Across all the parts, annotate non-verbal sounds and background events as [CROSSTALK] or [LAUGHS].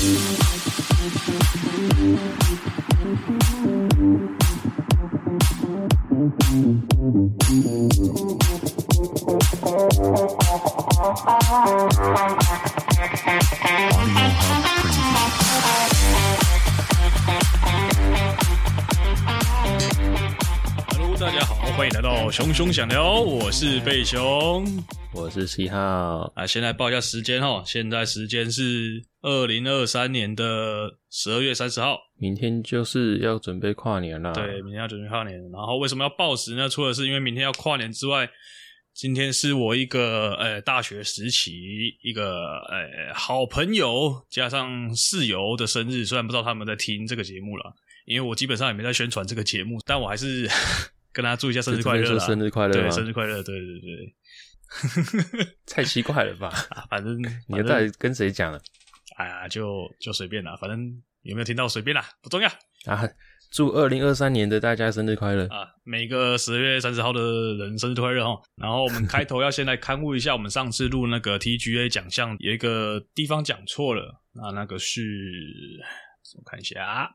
哈嘍，大家好，歡迎來到熊熊想聊，我是貝熊，我是七號。來，現在報一下時間哦，現在時間是二零二三年的十二月三十號，明天就是要準備跨年了、啊。對，明天要準備跨年。然後為什麼要報時呢？除了是因為明天要跨年之外，今天是我一個呃、欸、大學時期一個呃、欸、好朋友加上室友的生日。雖然不知道他們在聽這個節目了，因為我基本上也沒在宣傳這個節目，但我還是 [LAUGHS] 跟他祝一下生日快樂。生日快樂，對，生日快樂，對對對，對。 [LAUGHS] 太奇怪了吧？ [LAUGHS] 啊、反正，反正你在跟誰講了？哎、啊、呀，就就隨便啦，反正有沒有聽到隨便啦，不重要啊！祝二零二三年的大家生日快樂啊！每個十月三十號的人生日快樂哦。然後我們開頭要先來刊 [LAUGHS] 那那勘誤一下，我們上次錄那個 TGA 獎項有一個地方講錯了啊，那個是看一下啊，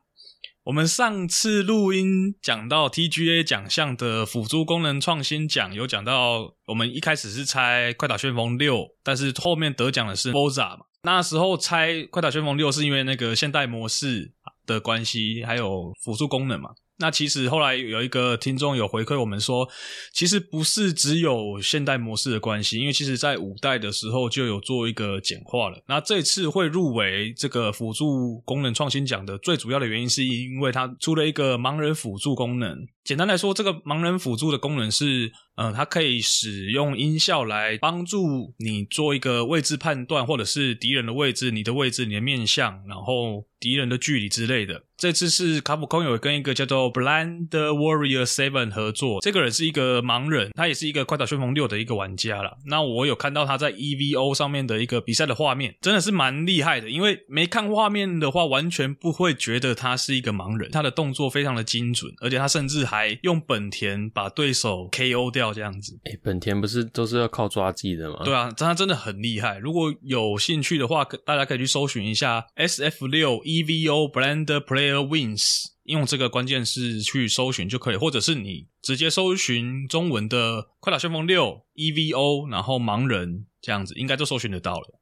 我們上次錄音講到 TGA 獎項的輔助功能創新獎，有講到我們一開始是猜快打旋風六，但是後面得獎的是 Forza 嘛。那時候猜《快打旋風六》是因為那個現代模式的關係，還有輔助功能嘛。那其實後來有一個聽眾有回饋我們說，其實不是只有現代模式的關係，因為其實在五代的時候就有做一個簡化了。那這次會入圍這個輔助功能創新獎的最主要的原因，是因為它出了一個盲人輔助功能。簡單來說，這個盲人輔助的功能是，嗯、呃，它可以使用音效來幫助你做一個位置判斷，或者是敵人的位置、你的位置、你的面向，然後敵人的距離之類的、嗯。這次是卡普空有跟一個叫做 Blind Warrior Seven 合作，這個人是一個盲人，他也是一個《快打旋風六》的一個玩家啦。那我有看到他在 EVO 上面的一個比賽的畫面，真的是蠻厲害的。因為沒看畫面的話，完全不會覺得他是一個盲人，他的動作非常的精準，而且他甚至還，來用本田把對手 KO 掉這樣子，欸，哎，本田不是都是要靠抓技的嗎？對啊，但他真的很厲害。如果有興趣的話，大家可以去搜尋一下 S F 六 E V O Blender Player Wins，用這個關鍵字去搜尋就可以，或者是你直接搜尋中文的《快打旋風六 E V O》，然後盲人這樣子，應該都搜尋得到了。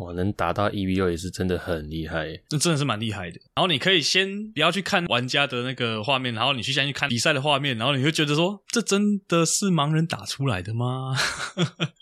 哇，能達到 EVO 也是真的很厲害，那真的是蠻厲害的。然後你可以先不要去看玩家的那個畫面，然後你去先去看比賽的畫面，然後你會覺得說，這真的是盲人打出來的嗎？哈哈。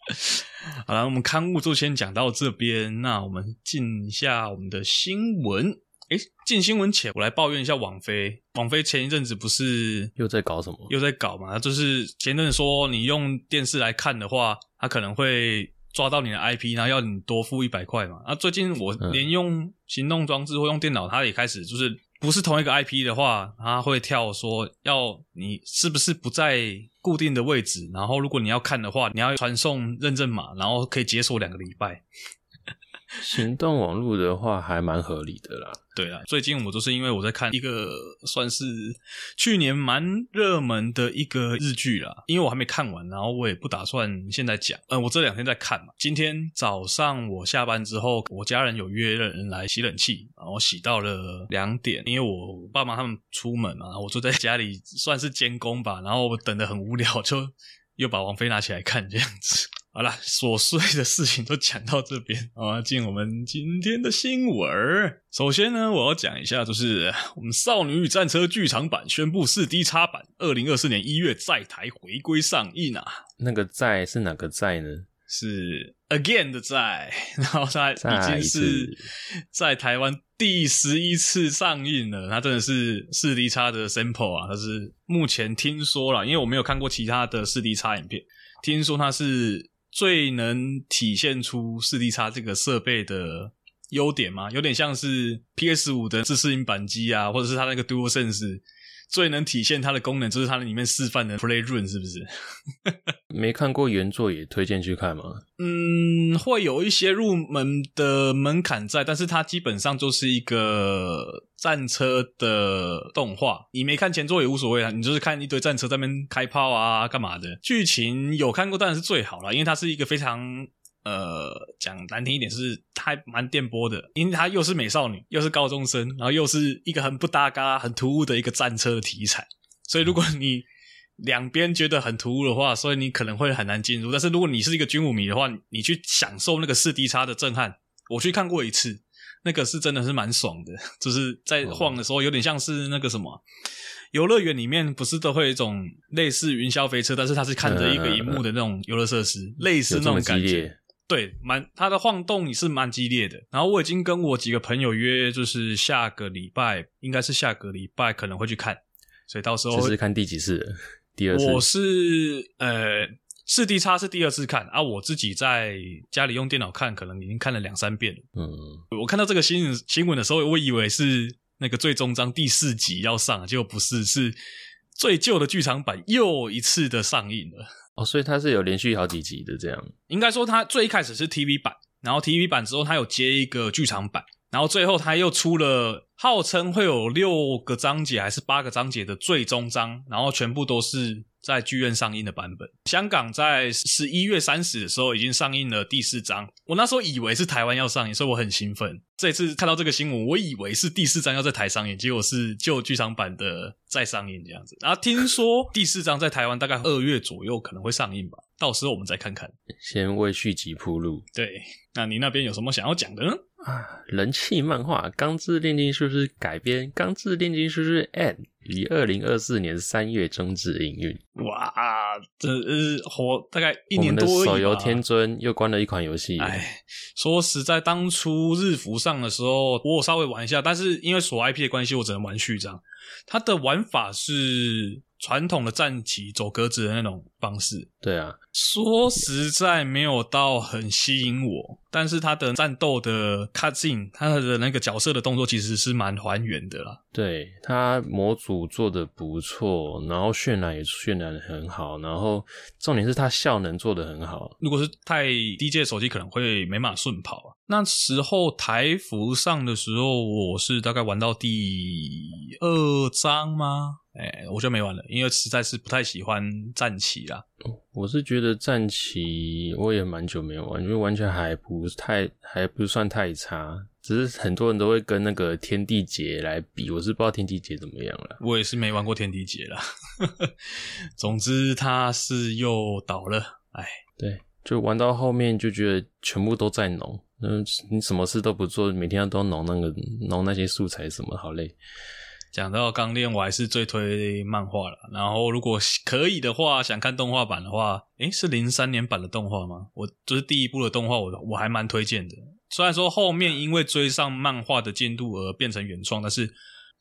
好了，我們刊物就先講到這邊，那我們進一下我們的新聞。誒，進新聞前，我來抱怨一下網飛。網飛前一陣子不是又在搞什麼？又在搞嘛？就是前陣子說你用電視來看的話，它可能會。抓到你的 IP，然後要你多付一百塊嘛。啊，最近我連用行動裝置或用電腦，它也開始就是不是同一個 IP 的話，它會跳說要你是不是不在固定的位置，然後如果你要看的話，你要傳送認證碼，然後可以解鎖兩個禮拜。行動網絡的話還蠻合理的啦。 [LAUGHS] 對啊，最近我就是因為我在看一個算是去年蠻熱門的一個日劇啦，因為我還沒看完，然後我也不打算現在講。嗯、呃，我這兩天在看嘛。今天早上我下班之後，我家人有約了人來洗冷氣，然後洗到了兩點，因為我爸媽他們出門嘛、啊，我坐在家裡算是監工吧，然後我等得很無聊，就又把王菲拿起來看這樣子。好啦，瑣碎的事情都講到這邊啊，好啦，進我們今天的新聞。首先呢，我要講一下，就是我們《少女與戰車》劇場版宣布 4DX 版，二零二四年一月在台回歸上映啊。那個在是哪個在呢？是 again 的在，然後它已經是在台灣第十一次上映了。它真的是 4DX 的 sample 啊，它是目前聽說了，因為我沒有看過其他的 4DX 影片，聽說它是。最能體現出 4DX 這個設備的優點嗎？有點像是 PS 五的自適應扳機啊，或者是它那個 DualSense。最能體現它的功能，就是它裡面示範的 play run 是不是 [LAUGHS] 沒看過原作也推薦去看嗎？嗯，會有一些入門的門檻在，但是它基本上就是一個戰車的動畫。你沒看前作也無所謂啊，你就是看一堆戰車在那邊開炮啊，幹嘛的？劇情有看過當然是最好了，因為它是一個非常。呃，講難聽一點是，它還蠻電波的，因為它又是美少女，又是高中生，然後又是一個很不搭嘎，很突兀的一個戰車的題材，所以如果你兩邊覺得很突兀的話，所以你可能會很難進入。但是如果你是一個軍武迷的話，你去享受那個 4DX 的震撼，我去看過一次，那個是真的是蠻爽的，就是在晃的時候有點像是那個什麼遊樂園裡面不是都會有一種類似雲霄飛車，但是它是看着一個熒幕的那種遊樂設施，嗯嗯嗯，類似那種感覺。對，蠻，它的晃動也是蠻激烈的。然後我已經跟我幾個朋友約，就是下個禮拜，應該是下個禮拜可能會去看，所以到時候這是看第幾次？第二次。我是呃，4DX 是第二次看啊。我自己在家裡用電腦看，可能已經看了兩三遍了。嗯，我看到這個新新聞的時候，我以為是那個最終章第四集要上，結果不是，是最舊的劇場版又一次的上映了。哦，所以它是有連續好幾集的這樣，應該說它最一開始是 TV 版，然後 TV 版之後它有接一個劇場版，然後最後它又出了號稱會有六個章節還是八個章節的最終章，然後全部都是在劇院上映的版本。香港在十一月三十的時候已經上映了第四章，我那時候以為是台灣要上映，所以我很興奮。這次看到這個新聞，我以為是第四章要在台上演，結果是舊劇場版的再上映這樣子。然後、啊、聽說第四章在台灣大概二月左右可能會上映吧，到時候我們再看看。先為續集鋪路。對，那你那邊有什麼想要講的呢？啊，人氣漫畫《鋼之鍊金術師》改編《鋼之鍊金術師 AND》於二零二四年三月終止營運。哇，這日活大概一年多。我們的手遊《天尊》又關了一款遊戲。哎，說實在，當初日服上。上的時候，我稍微玩一下，但是因為鎖 IP 的關係，我只能玩序章。它的玩法是傳統的戰棋走格子的那種。方式對啊，說實在沒有到很吸引我，但是他的戰鬥的 cut in，他的那個角色的動作其實是蠻還原的啦。對，他模組做的不錯，然後渲染也渲染的很好，然後重點是他效能做的很好。如果是太低階手機可能會沒馬順跑啊。那時候台服上的時候，我是大概玩到第二章嗎？哎，我就沒玩了，因為實在是不太喜歡戰棋了。我是覺得戰棋我也蠻久沒玩，因為完全還不太，還不算太差，只是很多人都會跟那個天地劫來比，我是不知道天地劫怎麼樣了。我也是沒玩過天地劫了。 [LAUGHS] 總之他是又倒了，哎，對，就玩到後面就覺得全部都在農。嗯，你什麼事都不做，每天都要農那個農，那些素材什麼，好累。講到鋼鍊我還是最推漫畫了。然後如果可以的話，想看動畫版的話，誒，是零三年版的動畫嗎？我就是第一部的動畫我，我我還蠻推薦的。雖然說後面因為追上漫畫的進度而變成原創，但是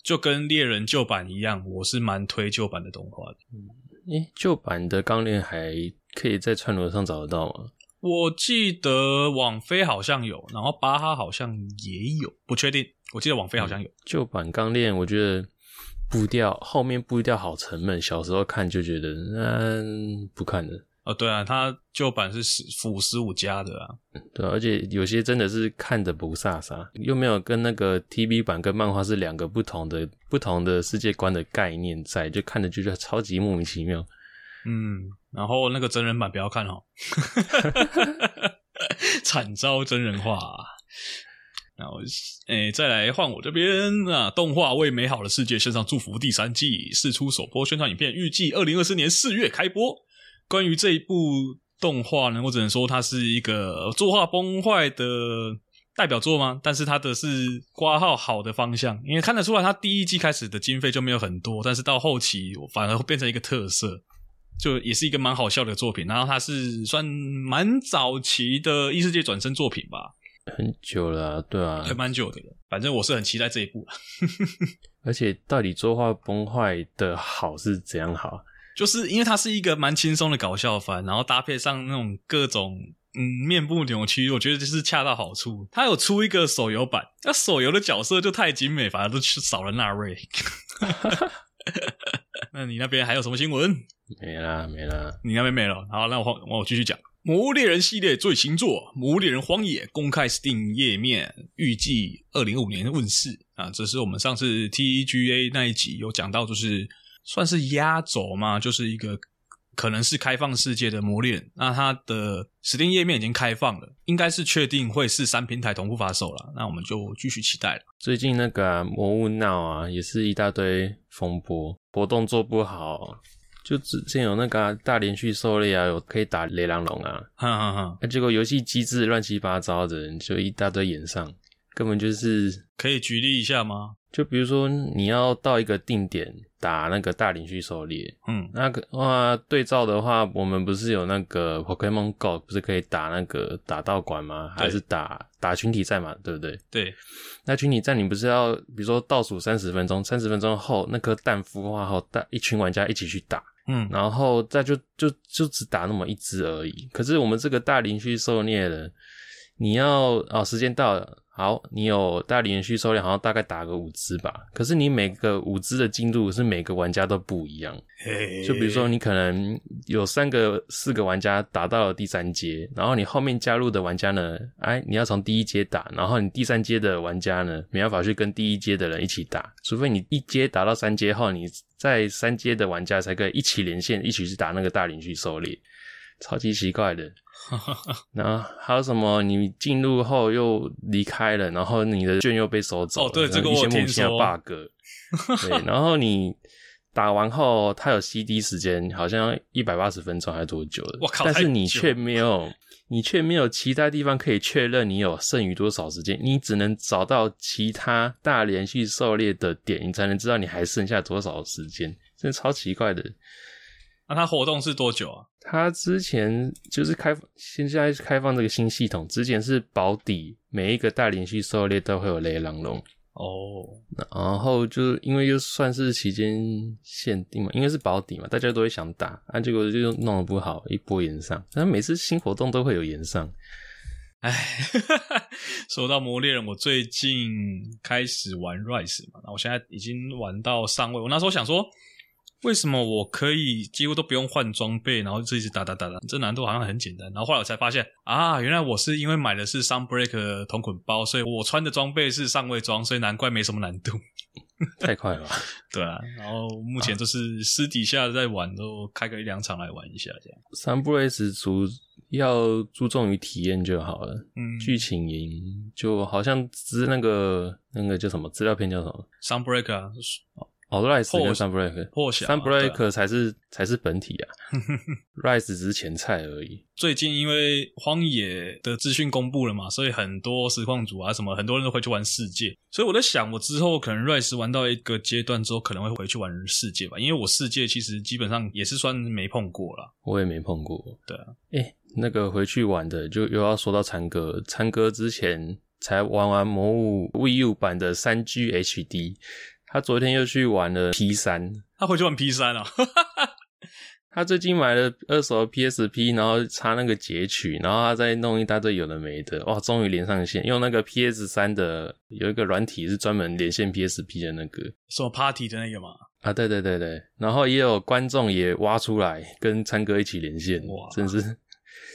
就跟獵人舊版一樣，我是蠻推舊版的動畫的。嗯，誒，舊版的鋼鍊還可以在串流上找得到嗎？我記得網飛好像有，然後巴哈好像也有，不確定。我記得網飛好像有嗯、舊版鋼鍊，我覺得步調後面步調好沉悶，小時候看就覺得，嗯，不看了哦。對啊，它舊版是輔十五加的啊。對啊，而且有些真的是看着不颯颯，又沒有跟那個 TV 版跟漫畫是兩個不同的不同的世界觀的概念在，就看着就覺得超級莫名其妙。嗯，然後那個真人版不要看哦，慘 [LAUGHS] [LAUGHS] 遭真人化啊。然後，誒、欸，再來換我這邊啊！動畫為美好的世界獻上祝福第三季釋出首播宣傳影片，預計二零二四年四月開播。關於這一部動畫呢，我只能說它是一個作畫崩壞的代表作嗎？但是它的是掛號好的方向，因為看得出來，它第一季開始的經費就沒有很多，但是到後期我反而會變成一個特色，就也是一個蠻好笑的作品。然後它是算蠻早期的異世界轉生作品吧。很久了，啊，對啊，還蠻久的。反正我是很期待這一部了，啊。 [LAUGHS] 而且，到底作畫崩壞的好是怎樣好？就是因為它是一個蠻輕鬆的搞笑番，然後搭配上那種各種嗯面部扭曲，我覺得就是恰到好處。它有出一個手遊版，那手遊的角色就太精美，反而都少了那位。 [LAUGHS] [LAUGHS] [LAUGHS] 那你那邊還有什麼新聞？沒啦，沒啦。你那邊沒了？好，那我我繼續講。《魔物獵人》系列最新作《魔物獵人荒野》公開 Steam 頁面，預計二零二五年問世啊！這是我們上次 TGA 那一集有講到，就是算是壓軸嘛，就是一個可能是開放世界的魔獵。那它的 Steam 頁面已經開放了，應該是確定會是三平台同步發售了。那我們就繼續期待了。最近那個、啊《魔物鬧》啊，也是一大堆風波，活動做不好。就之前有那個、啊、大連續狩獵啊，有可以打雷狼龍啊，哈哈哈。那、啊啊啊、結果遊戲機制亂七八糟的人，就一大堆演上，根本就是。可以舉例一下嗎？就比如說你要到一個定點打那個大連續狩獵，嗯，那個話對照的話，我們不是有那個 Pokemon Go 不是可以打那個打道館嗎？還是打打群體戰嘛，對不對？對，那群體戰你不是要比如說倒數三十分鐘，三十分鐘後那顆蛋孵化後，大一群玩家一起去打。嗯，然後再就就就只打那麼一隻而已。可是我們這個大林區狩獵的。你要哦，時間到了，好，你有大連續狩獵，好像大概打個五隻吧。可是你每個五隻的進度是每個玩家都不一樣。就比如說，你可能有三個、四個玩家打到了第三階，然後你後面加入的玩家呢，哎，你要從第一階打，然後你第三階的玩家呢，沒辦法去跟第一階的人一起打，除非你一階打到三階後，你在三階的玩家才可以一起連線，一起去打那個大連續狩獵，超級奇怪的。哈哈哈，然後還有什麼？你進入後又離開了，然後你的券又被收走了。哦、oh，對，bug, 這個我聽說。一些莫名其妙的 bug。 [LAUGHS] 對，然後你打完後，它有 CD 時間，好像一百八十分鐘還是多久的？我靠！但是你卻沒有， [LAUGHS] 你卻沒有其他地方可以確認你有剩餘多少時間，你只能找到其他大連續狩獵的點，你才能知道你還剩下多少時間。真的超奇怪的。那、啊、他活動是多久啊？他之前就是開現在開放這個新系統，之前是保底每一個大連續狩獵都會有雷狼龍哦，oh. 然後就因為又算是期間限定嘛，因為是保底嘛，大家都會想打，但、啊、結果就弄得不好，一波延上，但每次新活動都會有延上。哎， [LAUGHS] 說到魔獵人，我最近開始玩 Rise 嘛，那我現在已經玩到上位，我那時候想說。為什麼我可以幾乎都不用換裝備，然後就一直打打打打，這難度好像很簡單。然後後來我才發現啊，原來我是因為買的是 Sunbreak 同捆包，所以我穿的裝備是上位裝，所以難怪沒什麼難度。 [LAUGHS] 太快了吧， [LAUGHS] 對啊。然後目前就是私底下在玩，啊、都開個一兩場來玩一下這樣。Sunbreak 主要注重於體驗就好了，嗯，劇情贏就好像是那個那個叫什麼資料片叫什麼 Sunbreak 啊。就是哦、oh，Rise 跟 Sunbreak，Sunbreak 才是才是本體啊 [LAUGHS] ，Rise 只是前菜而已。最近因為荒野的資訊公布了嘛，所以很多實況主啊什麼，很多人都會去玩世界，所以我在想，我之後可能 Rise 玩到一個階段之後，可能會回去玩世界吧，因為我世界其實基本上也是算沒碰過了，我也沒碰過。對啊，哎，那個回去玩的就又要說到參哥，參哥之前才玩完魔物 Wii U 版的三 G HD。他昨天又去玩了 P 三，他回去玩 P 三了。 [LAUGHS] 他最近買了二手 PSP，然後插那個截取，然後他再弄一大堆有的沒的，哇，終於連上線，用那個 PS 三的有一個軟體是專門連線 PSP 的那個，什麼 party 的那個嘛？啊，對對對對，然後也有觀眾也挖出來跟參哥一起連線，哇，真是。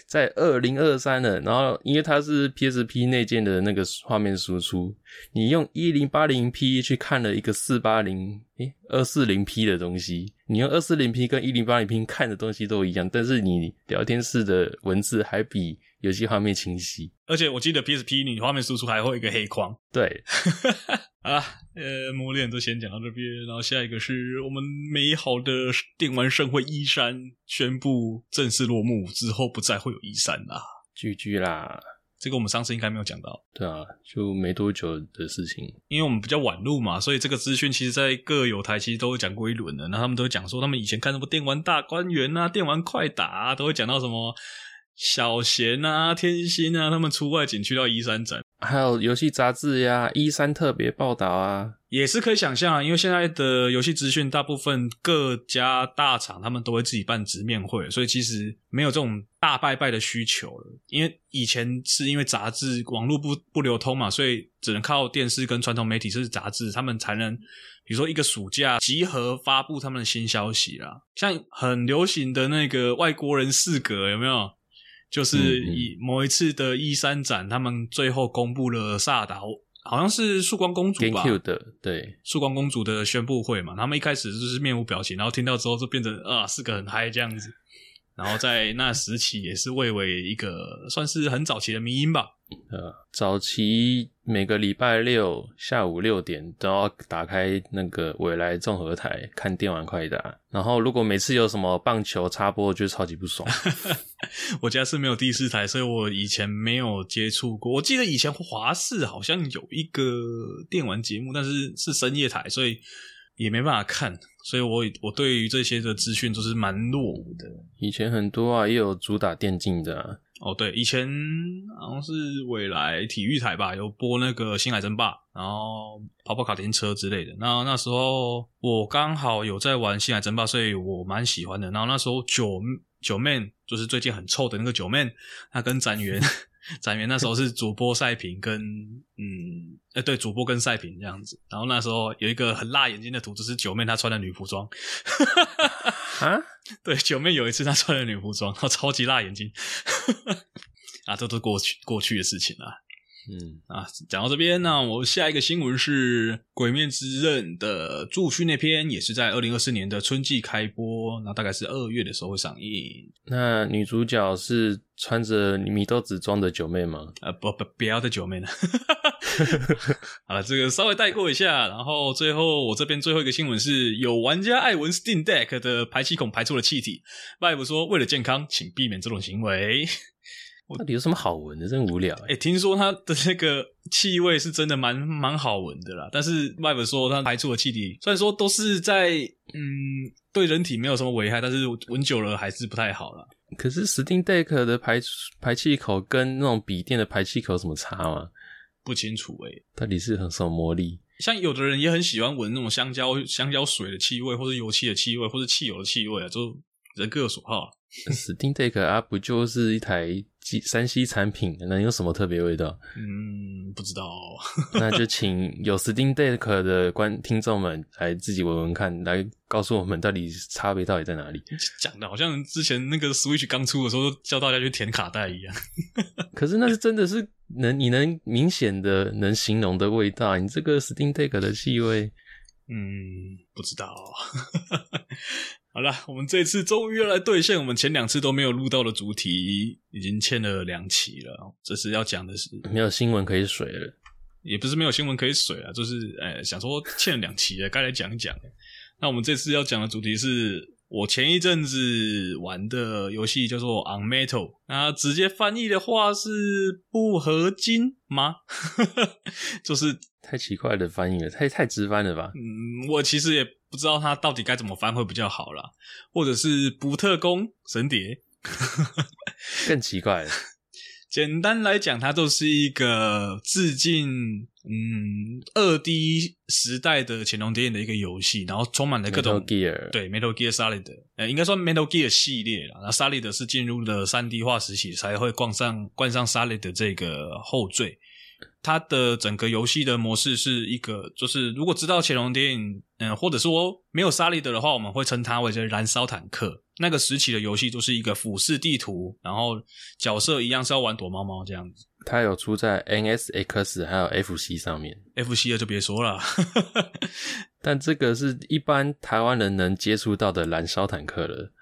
在二零二三了，然後因為它是 PSP 內建的那個畫面輸出，你用一零八零 P 去看了一個四八零誒二四零 P 的東西，你用二四零 P 跟一零八零 P 看的東西都一樣，但是你聊天室的文字還比。遊戲畫面清晰，而且我記得 PSP 你畫面輸出還會有一個黑框。對， [LAUGHS] 啊，呃、欸，磨練都先講到這邊，然後下一個是我們美好的電玩盛會 E3 宣布正式落幕之後，不再會有 E3 啦，聚聚啦。這個我們上次應該沒有講到，對啊，就沒多久的事情，因為我們比較晚錄嘛，所以這個資訊其實，在各友台其實都會講過一輪的，那他們都會講說，他們以前看什麼電玩大觀園啊、電玩快打啊，都會講到什麼。小賢啊，天心啊，他們出外景去到 E3 展，還有遊戲雜誌呀、啊，E3 特別報道啊，也是可以想象啊。因為現在的遊戲資訊，大部分各家大廠他們都會自己辦直面會，所以其實沒有這種大拜拜的需求了。因為以前是因為雜誌網絡不不流通嘛，所以只能靠電視跟傳統媒體，甚至雜誌，他們才能，比如說一個暑假集合發布他們的新消息啦。像很流行的那個外國人四格，有沒有？就是以某一次的 E3 展，嗯嗯，他們最後公布了薩達，好像是曙光公主吧？GameCube 的，對，曙光公主的宣布會嘛，他們一開始就是面無表情，然後聽到之後就變成啊，是個很嗨這樣子。然後在那時期也是位為一個算是很早期的迷音吧。呃、嗯，早期每個禮拜六下午六點都要打開那個緯來綜合台看電玩快打。然後如果每次有什麼棒球插播，就超級不爽。 [LAUGHS] 我家是沒有第四台，所以我以前沒有接觸過。我記得以前華視好像有一個電玩節目，但是是深夜台，所以也沒辦法看。所以我我對於這些的資訊都是蠻落伍的。以前很多啊，也有主打電競的啊。哦，對，以前好像是緯來體育台吧，有播那個《星海爭霸》，然後跑跑卡丁車之類的。然後那時候我剛好有在玩《星海爭霸》，所以我蠻喜歡的。然後那時候九九 man 就是最近很臭的那個九 man，他跟展元。 [LAUGHS] 展顏那時候是主播賽評跟，嗯，呃、欸、對，主播跟賽評這樣子。然後那時候有一個很辣眼睛的圖，就是九妹她穿的女僕裝。哈 [LAUGHS] 對，九妹有一次她穿了女僕裝，然後超級辣眼睛。 [LAUGHS] 啊，這都過去過去的事情了。嗯啊，講到這邊，那我下一個新聞是《鬼滅之刃》的柱訓那篇，也是在二零二四年的春季開播，那大概是二月的時候會上映。那女主角是穿着禰豆子裝的九妹嗎？呃、啊，不不，不要的九妹呢。好了， [LAUGHS] [LAUGHS] 這個稍微帶過一下。然後最後我這邊最後一個新聞是有玩家愛聞 Steam Deck 的排氣孔排出了氣體，外布說為了健康，請避免這種行為。我到底有什麼好聞的？真無聊，欸。哎，欸，聽說它的那個氣味是真的蠻蠻好聞的啦。但是外面說它排出的氣體，雖然說都是在嗯，對人體沒有什麼危害，但是聞久了還是不太好啦。可是 Steam Deck 的排排氣口跟那種筆電的排氣口有什麼差嗎？不清楚哎，欸，到底是有什麼魔力？像有的人也很喜歡聞那種香蕉、香蕉水的氣味，或者油漆的氣味，或者汽油的氣味啊，就人各有所好。Steam Deck 啊，不就是一台 3C 產品，能有什麼特別味道？嗯，不知道。 [LAUGHS] 那就請有 Steam Deck 的觀聽眾們來自己聞聞看，來告訴我們到底差別到底在哪裡。講的好像之前那個 Switch 剛出的時候，叫大家去填卡帶一樣。 [LAUGHS] 可是那是真的是能你能明顯的能形容的味道，你這個 Steam Deck 的氣味，嗯，不知道。 [LAUGHS] 好啦，我們這次終於要來兌現我們前兩次都沒有錄到的主題，已經欠了兩期了。這次要講的是沒有新聞可以水了，也不是沒有新聞可以水啊，就是誒、欸、想說欠兩期了，該 [LAUGHS] 來講一講。那我們這次要講的主題是我前一陣子玩的遊戲叫做《unMetal》，那直接翻譯的話是“不合金”嗎？ [LAUGHS] 就是太奇怪的翻譯了，太太直翻了吧？嗯，我其實也。不知道它到底該怎麼翻會比較好啦，或者是不特攻神諜 [LAUGHS] 更奇怪了。簡單來講，它就是一個致敬嗯二 D 時代的潛龍諜影的一個遊戲，然後充滿了各種、Metal、Gear。對，Metal Gear Solid，呃、欸，應該說 Metal Gear 系列啦，那 Solid 是進入了三 D 化時期才會冠上冠上 Solid 的這個後綴。它的整個遊戲的模式是一個，就是如果知道潛龍諜影，嗯、呃，或者說沒有沙利德的話，我們會稱它為“是燃燒坦克”那個時期的遊戲，就是一個俯視地圖，然後角色一樣是要玩躲貓貓這樣子。它有出在 MSX 還有 FC 上面，FC 的就別說了， [LAUGHS] 但這個是一般台灣人能接觸到的“燃燒坦克”了。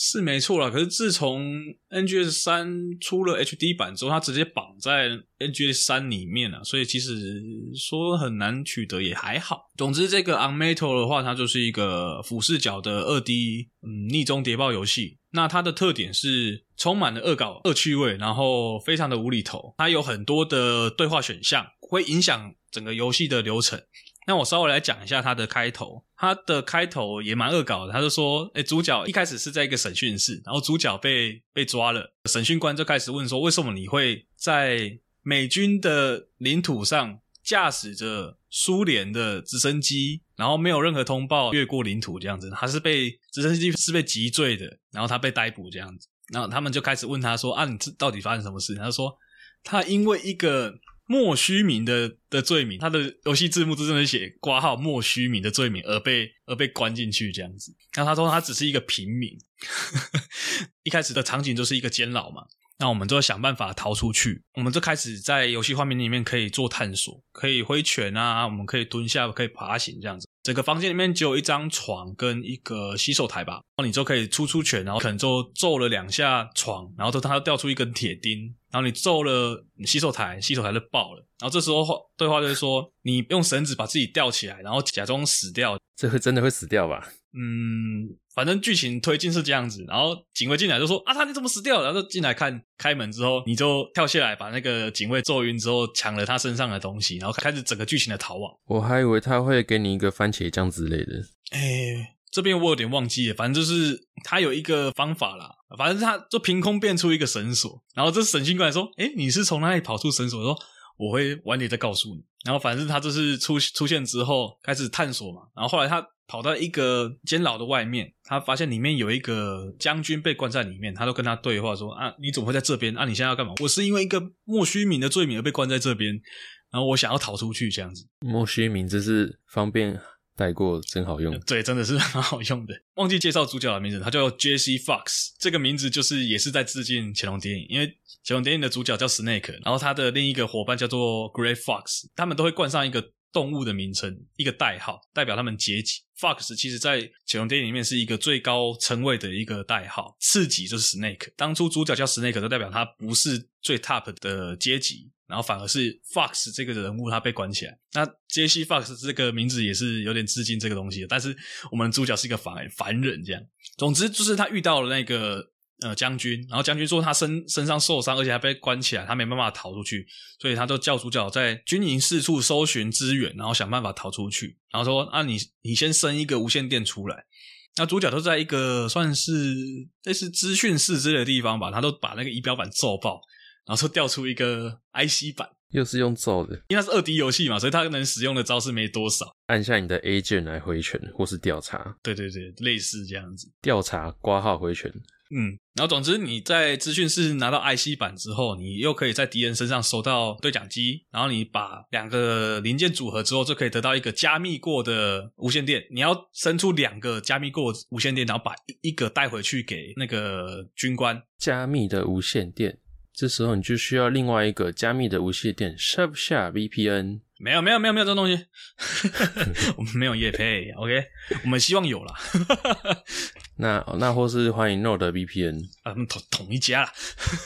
是沒錯啦，可是自從《N G S 三》出了 H D 版之後，它直接綁在《N G S 三》裡面了、啊，所以其實說很難取得也還好。總之，這個《unMetal》的話，它就是一個俯視角的二 D 嗯逆中諜報遊戲。那它的特點是充滿了惡搞、惡趣味，然後非常的無厘頭。它有很多的對話選項，會影響整個遊戲的流程。那我稍微來講一下它的開頭，它的開頭也蠻惡搞的。他就說，哎，主角一開始是在一個審訊室，然後主角被被抓了，審訊官就開始問說，為什麼你會在美軍的領土上駕駛着蘇聯的直升機，然後沒有任何通報越過領土這樣子？他是被直升機是被擊墜的，然後他被逮捕這樣子。然後他們就開始問他說，啊，你這到底發生什麼事？他說，他因為一個。莫須有的的罪名，他的遊戲字幕就正的寫“括號莫須有的罪名而”而被而被關進去這樣子。那他說他只是一個平民，呵呵，一開始的場景就是一個監牢嘛。那我們就要想辦法逃出去。我們就開始在遊戲畫面裡面可以做探索，可以揮拳啊，我們可以蹲下，可以爬行這樣子。整個房間裡面只有一張床跟一個洗手台吧。那你就可以出出拳，然後可能就揍了兩下床，然後他就他掉出一根鐵釘。然後你揍了你洗手台，洗手台就爆了。然後這時候對話就是說，你用繩子把自己吊起來，然後假裝死掉。這會真的會死掉吧？嗯，反正劇情推進是這樣子。然後警衛進來就說：“啊，他你怎麼死掉了？”然後就進來看開門之後，你就跳下來，把那個警衛揍暈之後，搶了他身上的東西，然後開始整個劇情的逃亡。我還以為他會給你一個番茄醬之類的。哎。這邊我有點忘記了，反正就是他有一個方法啦，反正他就憑空變出一個繩索，然後這審訊官過來說：“哎、欸，你是從哪裡跑出繩索？”說：“我會晚點再告訴你。”然後反正他就是出出現之後開始探索嘛，然後後來他跑到一個監牢的外面，他發現裡面有一個將軍被關在裡面，他就跟他對話說：“啊，你怎麼會在這邊？啊，你現在要幹嘛？”我是因為一個莫須有的罪名而被關在這邊，然後我想要逃出去這樣子。莫須有，這是方便。帶過真好用，對，真的是蠻好用的。忘記介紹主角的名字，他叫 Jesse Fox，這個名字就是也是在致敬潛龍諜影，因為潛龍諜影的主角叫 Snake，然後他的另一個夥伴叫做 Gray Fox，他們都會冠上一個動物的名稱，一個代號，代表他們階級。Fox 其實在潛龍諜影裡面是一個最高稱謂的一個代號，次級就是 Snake。當初主角叫 Snake，就代表他不是最 top 的階級。然後反而是 Fox 這個人物，他被關起來，那 Jesse Fox 這個名字也是有點致敬這個東西的。但是我們主角是一個凡凡人，這樣。總之就是他遇到了那個呃將軍，然後將軍說他身身上受傷，而且還被關起來，他沒辦法逃出去，所以他就叫主角在軍營四處搜尋資源，然後想辦法逃出去。然後說啊，你你先生一個無線電出來。那主角都在一個算是類似資訊室之類的地方吧，他都把那個儀表板揍爆。然後就掉出一個 IC 版，又是用揍的，因為它是二 D 遊戲嘛，所以它能使用的招式沒多少。按下你的 A 鍵來回拳或是調查。對對對，類似這樣子。調查、掛號、回拳。嗯，然後總之你在資訊室拿到 IC 版之後，你又可以在敵人身上收到對講機，然後你把兩個零件組合之後，就可以得到一個加密過的無線電。你要伸出兩個加密過的無線電，然後把一個帶回去給那個軍官。加密的無線電。這時候你就需要另外一個加密的無線電，Sub h 下 VPN 沒。沒有沒有沒有沒有這種東西， [LAUGHS] 我們沒有業配 [LAUGHS] o、OK? k 我們希望有啦。 [LAUGHS] 那那或是歡迎 Nord VPN，啊，我、嗯、同同一家啦。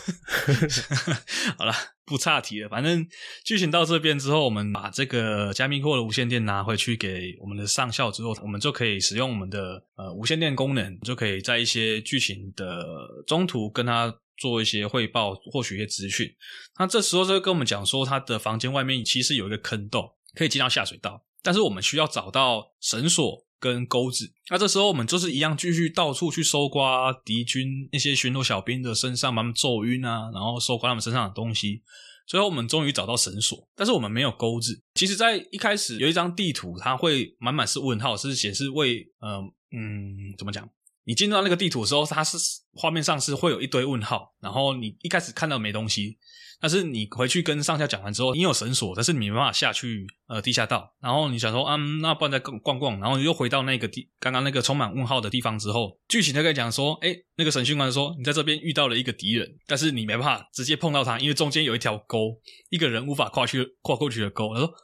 [LAUGHS] 好了，不岔題了。反正劇情到這邊之後，我們把這個加密過的無線電拿回去給我們的上校之後，我們就可以使用我們的呃無線電功能，就可以在一些劇情的中途跟他，做一些匯報，獲取一些資訊。那這時候就會跟我們講說，他的房間外面其實有一個坑洞，可以進到下水道。但是我們需要找到繩索跟鈎子。那這時候我們就是一樣，繼續到處去搜刮敵軍那些巡邏小兵的身上，把他們揍暈啊，然後搜刮他們身上的東西。最後我們終於找到繩索，但是我們沒有鈎子。其實，在一開始有一張地圖，它會滿滿是問號，是顯示為、呃、嗯嗯怎麼講？你進入到那個地圖的時候，它是畫面上是會有一堆問號，然後你一開始看到沒東西，但是你回去跟上校講完之後，你有繩索，但是你沒辦法下去呃地下道，然後你想說啊，那不然再逛逛，然後又回到那個地剛剛那個充滿問號的地方之後，劇情可以講說，哎、欸，那個審訊官說你在這邊遇到了一個敵人，但是你沒辦法直接碰到他，因為中間有一條溝，一個人無法跨去跨過去的溝，他說。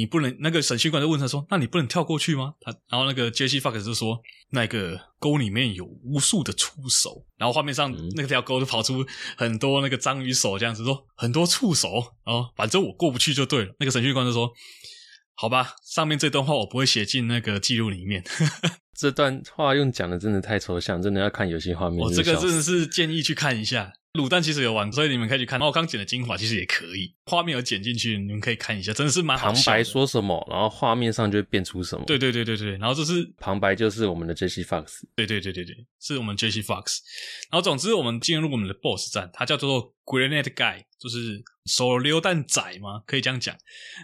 你不能，那個審訊官就問他說：“那你不能跳過去嗎？”他，然後那個傑西佛克西就說：“那個溝裡面有無數的觸手，然後畫面上那個條溝就跑出很多那個章魚手，這樣子說很多觸手哦，然後反正我過不去就對了。”那個審訊官就說：“好吧，上面這段話我不會寫進那個記錄裡面。 [LAUGHS] ”這段話用講的真的太抽象，真的要看遊戲畫面。我、哦、這個真的是建議去看一下《鹵蛋》，其實有玩，所以你們可以去看。那我剛剪的精華其實也可以，畫面有剪進去，你們可以看一下，真的是蠻好笑的。旁白說什麼，然後畫面上就會變出什麼。對對對對對，然後就是旁白就是我們的 Jesse Fox。對對對對對，是我們 Jesse Fox。然後總之，我們進入我們的 Boss 戰，它叫做 Grenade Guy，就是手榴彈仔嘛，可以這樣講。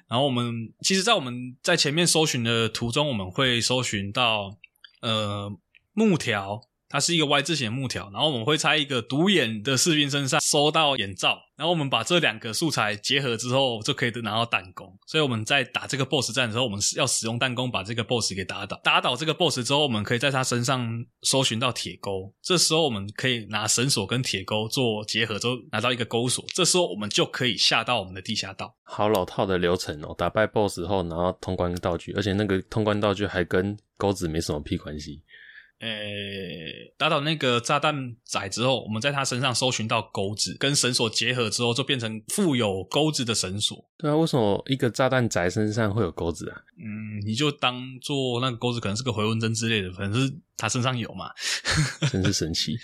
然後我們其實，在我們在前面搜尋的途中，我們會搜尋到。呃，木條。它是一個 Y 字型的木條，然後我們會拆一個獨眼的士兵身上搜到眼罩，然後我們把這兩個素材結合之後就可以拿到彈弓。所以我們在打這個 BOSS 戰的時候，我們要使用彈弓把這個 BOSS 給打倒。打倒這個 BOSS 之後，我們可以在他身上搜尋到鐵鈎。這時候我們可以拿繩索跟鐵鈎做結合，就拿到一個鈎索。這時候我們就可以下到我們的地下道。好老套的流程哦，打敗 BOSS 後拿到通關道具，而且那個通關道具還跟鈎子沒什麼屁關係。呃、欸，打倒那個炸彈仔之後，我們在他身上搜尋到鈎子，跟繩索結合之後，就變成富有鈎子的繩索。對啊，為什麼一個炸彈仔身上會有鈎子啊？嗯，你就當做那個鈎子可能是個回紋針之類的，可能是他身上有嘛。 [LAUGHS] [LAUGHS] 真是神奇。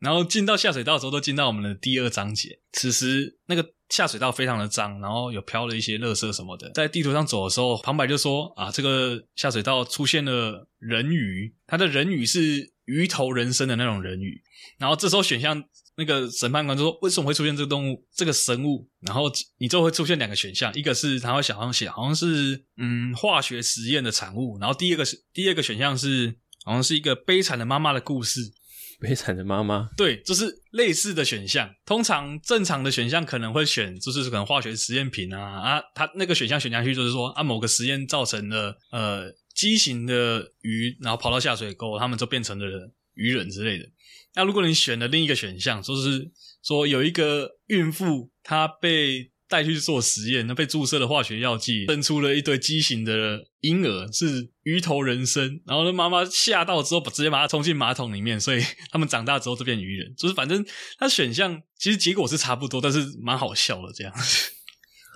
然後進到下水道的時候，都進到我們的第二章節。此時，那個下水道非常的髒，然後有漂了一些垃圾什麼的。在地圖上走的時候，旁白就說：“啊，這個下水道出現了人魚，它的人魚是魚頭人身的那種人魚。”然後這時候選項那個審判官就說：“為什麼會出現這個動物，這個生物？”然後你就會出現兩個選項，一個是他會想象寫，好像是嗯化學實驗的產物。然後第二個是第二個選項是好像是一個悲慘的媽媽的故事。悲慘的媽媽，對，就是類似的選項。通常正常的選項可能會選，就是可能化學實驗品啊啊，他那個選項選下去，就是說啊某個實驗造成了呃畸形的魚，然後跑到下水溝，他們就變成了魚人之類的。那如果你選了另一個選項，就是說有一個孕婦她被。帶去做實驗，那被注射的化學藥劑生出了一堆畸形的嬰兒，是魚頭人身。然後他媽媽嚇到之後，直接把他沖進馬桶裡面。所以他們長大之後就變魚人，就是反正他選項其實結果是差不多，但是蠻好笑的這樣子。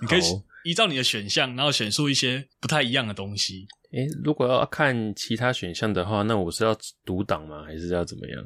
你可以依照你的選項，然後選出一些不太一樣的東西。誒、欸，如果要看其他選項的話，那我是要讀檔嗎？還是要怎麼樣？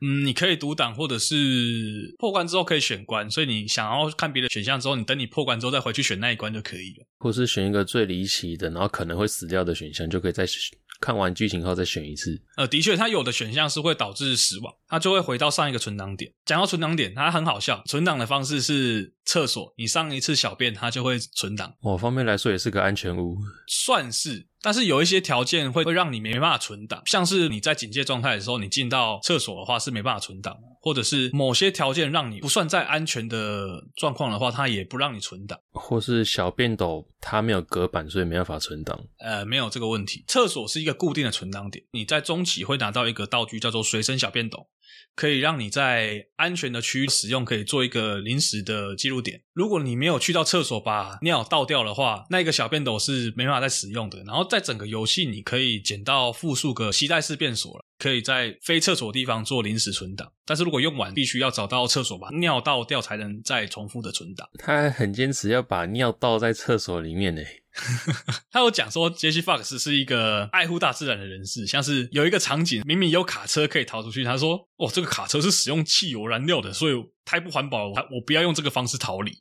嗯，你可以讀檔，或者是破關之後可以選關，所以你想要看別的選項之後，你等你破關之後再回去選那一關就可以了。或是選一個最離奇的，然後可能會死掉的選項，就可以再選，看完劇情後再選一次。呃，的確，它有的選項是會導致死亡，它就會回到上一個存檔點。講到存檔點，它很好笑，存檔的方式是廁所，你上一次小便它就會存檔。哦，方面來說也是個安全屋，算是。但是有一些條件會會讓你沒辦法存檔，像是你在警戒狀態的時候，你進到廁所的話是沒辦法存檔，或者是某些條件讓你不算在安全的狀況的話，它也不讓你存檔。或是小便斗它沒有隔板，所以沒辦法存檔。呃，沒有這個問題，廁所是一個固定的存檔點。你在中期會拿到一個道具叫做隨身小便斗，可以讓你在安全的區域使用，可以做一個臨時的記錄點。如果你沒有去到廁所把尿倒掉的話，那個小便斗是沒辦法再使用的。然後在整個遊戲，你可以撿到複數個攜帶式便所，可以在非廁所的地方做臨時存檔。但是如果用完，必須要找到廁所把尿倒掉，才能再重複的存檔。他很堅持要把尿倒在廁所裡面呢、欸。 [LAUGHS] 他有講說，Jesse Fox 是一個愛護大自然的人士，像是有一個場景，明明有卡車可以逃出去，他說：“哦，這個卡車是使用汽油燃料的，所以太不環保了，我，我不要用這個方式逃離。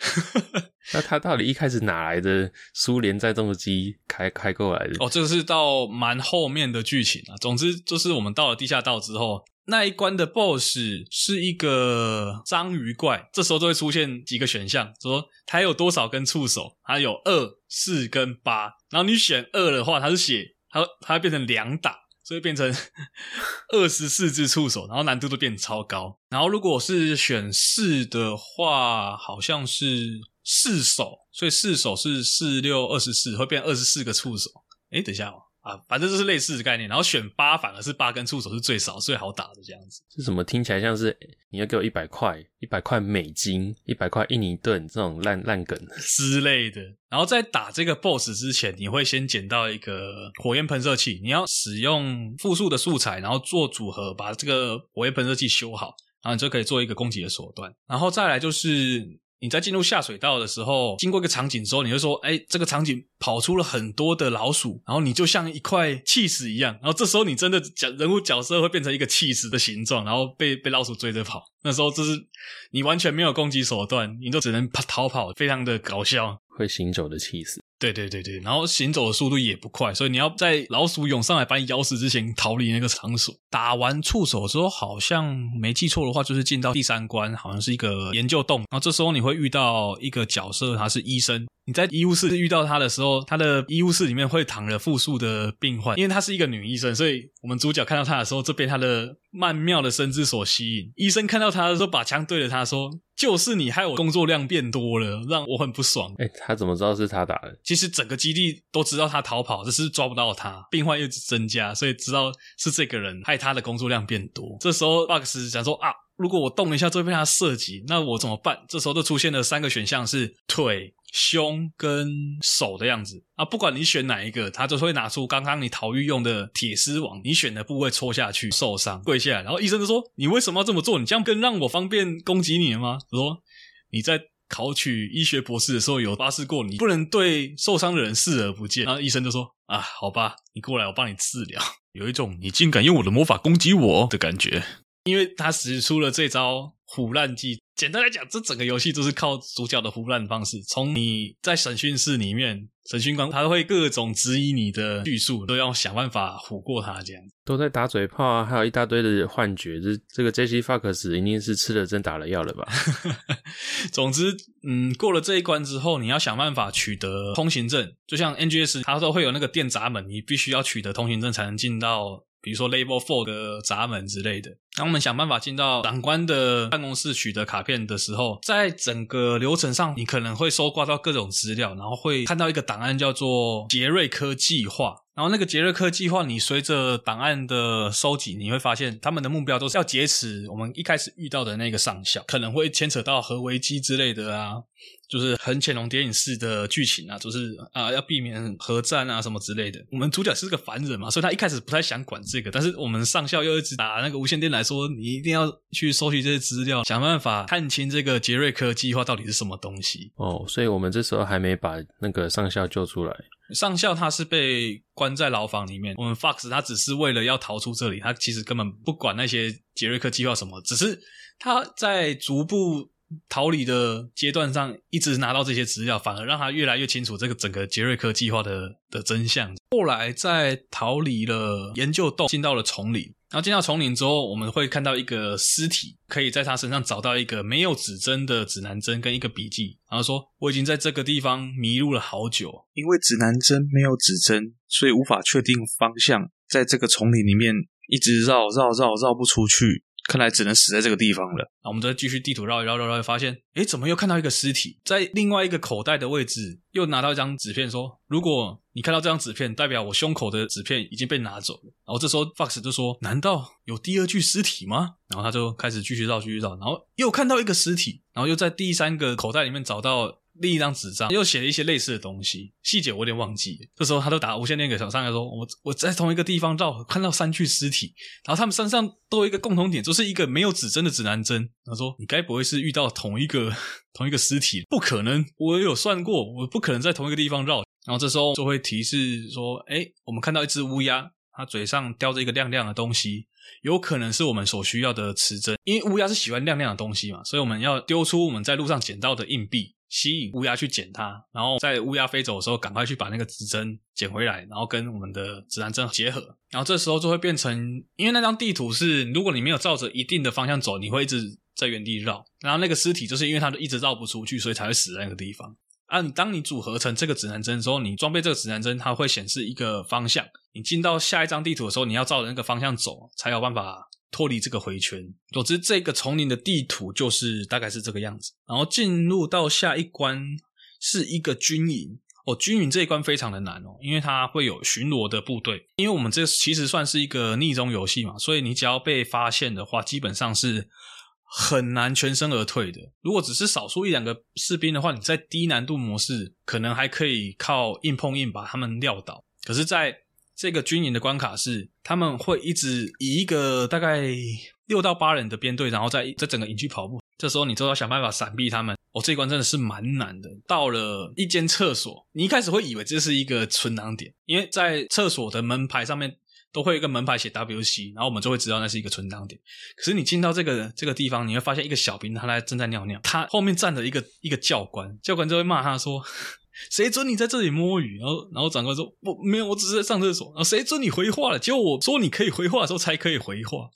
[LAUGHS] ”那他到底一開始哪來的蘇聯載重機開開過來的？哦，這個是到蠻後面的劇情啊，總之就是我們到了地下道之後。那一關的 BOSS 是一個章魚怪，這時候就會出現幾個選項，就是、說它有多少根觸手，它有二、四、跟八。然後你選二的話他，它是寫它它變成兩打，所以變成二十四隻觸手，然後難度都變超高。然後如果是選四的話，好像是四手，所以四手是四六二十四，會變二十四個觸手。哎、欸，等一下哦、喔。啊，反正就是類似的概念，然後選八反而是八根觸手，是最少最好打的這樣子。是什麼聽起來像是你要給我一百塊，一百塊美金，一百塊印尼盾這種爛爛梗之類的。然後在打這個 BOSS 之前，你會先撿到一個火焰噴射器，你要使用複數的素材，然後做組合把這個火焰噴射器修好，然後你就可以做一個攻擊的手段。然後再來就是。你在進入下水道的時候，經過一個場景之後，你會說：“哎，這個場景跑出了很多的老鼠，然後你就像一塊起司一樣，然後這時候你真的角人物角色會變成一個起司的形狀，然後被被老鼠追着跑。那時候就是你完全沒有攻擊手段，你就只能跑逃跑，非常的搞笑。會行走的起司。對對對對，然後行走的速度也不快，所以你要在老鼠湧上來把你咬死之前逃離那個場所。打完觸手之後，好像沒記錯的話，就是進到第三關，好像是一個研究洞。然後這時候你會遇到一個角色，他是醫生。你在醫務室遇到他的時候，他的醫務室裡面會躺着複數的病患，因為他是一個女醫生，所以我們主角看到他的時候，就被他的曼妙的身姿所吸引。醫生看到他的時候，把槍對着他說：“就是你害我工作量變多了，讓我很不爽。”欸，哎，他怎麼知道是他打的？其實整個基地都知道他逃跑，只是抓不到他，病患一直增加，所以知道是這個人害他的工作量變多。這時候，Box 想說：“啊，如果我動一下就會被他射擊，那我怎麼辦？”這時候就出現了三個選項：是退。胸跟手的樣子啊，不管你選哪一個，他就會拿出剛剛你逃獄用的鐵絲網，你選的部位戳下去受傷，跪下來，然後醫生就說：“你為什麼要這麼做？你這樣更讓我方便攻擊你了嗎？”我說：“你在考取醫學博士的時候有發誓過你，你不能對受傷的人視而不見。”然後醫生就說：“啊，好吧，你過來，我幫你治療。”有一種你竟敢用我的魔法攻擊我的感覺，因為他使出了這招虎爛技。簡單來講，這整個遊戲都是靠主角的唬爛方式。從你在審訊室裡面，審訊官他會各種質疑你的敘述，都要想辦法唬過他這樣。都在打嘴炮啊，還有一大堆的幻覺。這這個 Jesse Fox 一定是吃了針打了藥了吧？ [LAUGHS] 總之，嗯，過了這一關之後，你要想辦法取得通行證。就像 MGS，它都會有那個電閘門，你必須要取得通行證才能進到。比如說 Level 4的閘門之類的，當我們想辦法進到長官的辦公室取得卡片的時候，在整個流程上，你可能會搜刮到各種資料，然後會看到一個檔案叫做“杰瑞科計劃”。然後那個杰瑞科計劃，你隨着檔案的收集，你會發現他們的目標都是要劫持我們一開始遇到的那個上校，可能會牽扯到核危機之類的啊。就是很潛龍諜影式的劇情啊，就是啊，要避免核戰啊什麼之類的。我們主角是個凡人嘛，所以他一開始不太想管這個。但是我們上校又一直打那個無線電來說，你一定要去收集這些資料，想辦法探清這個杰瑞克計劃到底是什麼東西。哦，所以我們這時候還沒把那個上校救出來。上校他是被關在牢房裡面，我們 Fox 他只是為了要逃出這裡，他其實根本不管那些杰瑞克計劃什麼，只是他在逐步。逃離的階段上，一直拿到這些資料，反而讓他越來越清楚這個整個傑瑞克計劃的的真相。後來在逃離了研究洞，進到了叢林，然後進到叢林之後，我們會看到一個屍體，可以在他身上找到一個沒有指針的指南針跟一個筆記，然後說，我已經在這個地方迷路了好久，因為指南針沒有指針，所以無法確定方向，在這個叢林裡面一直繞繞繞繞，繞不出去。看來只能死在這個地方了。那我們再繼續地圖繞一繞繞一繞一，發現，哎，怎麼又看到一個屍體？在另外一個口袋的位置，又拿到一張紙片，說，如果你看到這張紙片，代表我胸口的紙片已經被拿走了。然後這時候 Fox 就說，難道有第二具屍體嗎？然後他就開始繼續繞，繼續繞，然後又看到一個屍體，然後又在第三個口袋裡面找到。另一張紙張又寫了一些類似的東西，細節我有點忘記。這時候他都打無線電給小三爺說：“我我在同一個地方繞，看到三具屍體，然後他們身上都有一個共同點，就是一個沒有指針的指南針。”他說：“你該不會是遇到同一個同一個屍體？不可能，我也有算過，我不可能在同一個地方繞。”然後這時候就會提示說：“哎、欸，我們看到一隻烏鴉，它嘴上叼着一個亮亮的東西，有可能是我們所需要的磁針，因為烏鴉是喜歡亮亮的東西嘛，所以我們要丟出我們在路上撿到的硬幣。”吸引烏鴉去撿它，然後在烏鴉飛走的時候，趕快去把那個指針撿回來，然後跟我們的指南針結合，然後這時候就會變成，因為那張地圖是，如果你沒有照着一定的方向走，你會一直在原地繞，然後那個屍體就是因為它都一直繞不出去，所以才會死在那個地方。啊，當你組合成這個指南針的時候，你裝備這個指南針，它會顯示一個方向，你進到下一張地圖的時候，你要照着那個方向走，才有辦法。脫離這個迴圈。總之，這個叢林的地圖就是大概是這個樣子。然後進入到下一關是一個軍營哦，軍營這一關非常的難哦，因為它會有巡邏的部隊。因為我們這其實算是一個匿蹤遊戲嘛，所以你只要被發現的話，基本上是很難全身而退的。如果只是少數一兩個士兵的話，你在低難度模式可能還可以靠硬碰硬把他們撂倒。可是，在這個軍營的關卡是，他們會一直以一個大概六到八人的編隊，然後在在整個營區跑步。這時候你就要想辦法閃避他們。哦，這一關真的是蠻難的。到了一間廁所，你一開始會以為這是一個存檔點，因為在廁所的門牌上面都會有一個門牌寫 WC，然後我們就會知道那是一個存檔點。可是你進到這個這個地方，你會發現一個小兵他在正在尿尿，他後面站着一個一個教官，教官就會罵他說。誰准你在這裡摸魚？然後，然後長官說，不，沒有，我只是在上廁所。然後誰准你回話了？只有我說你可以回話的時候才可以回話。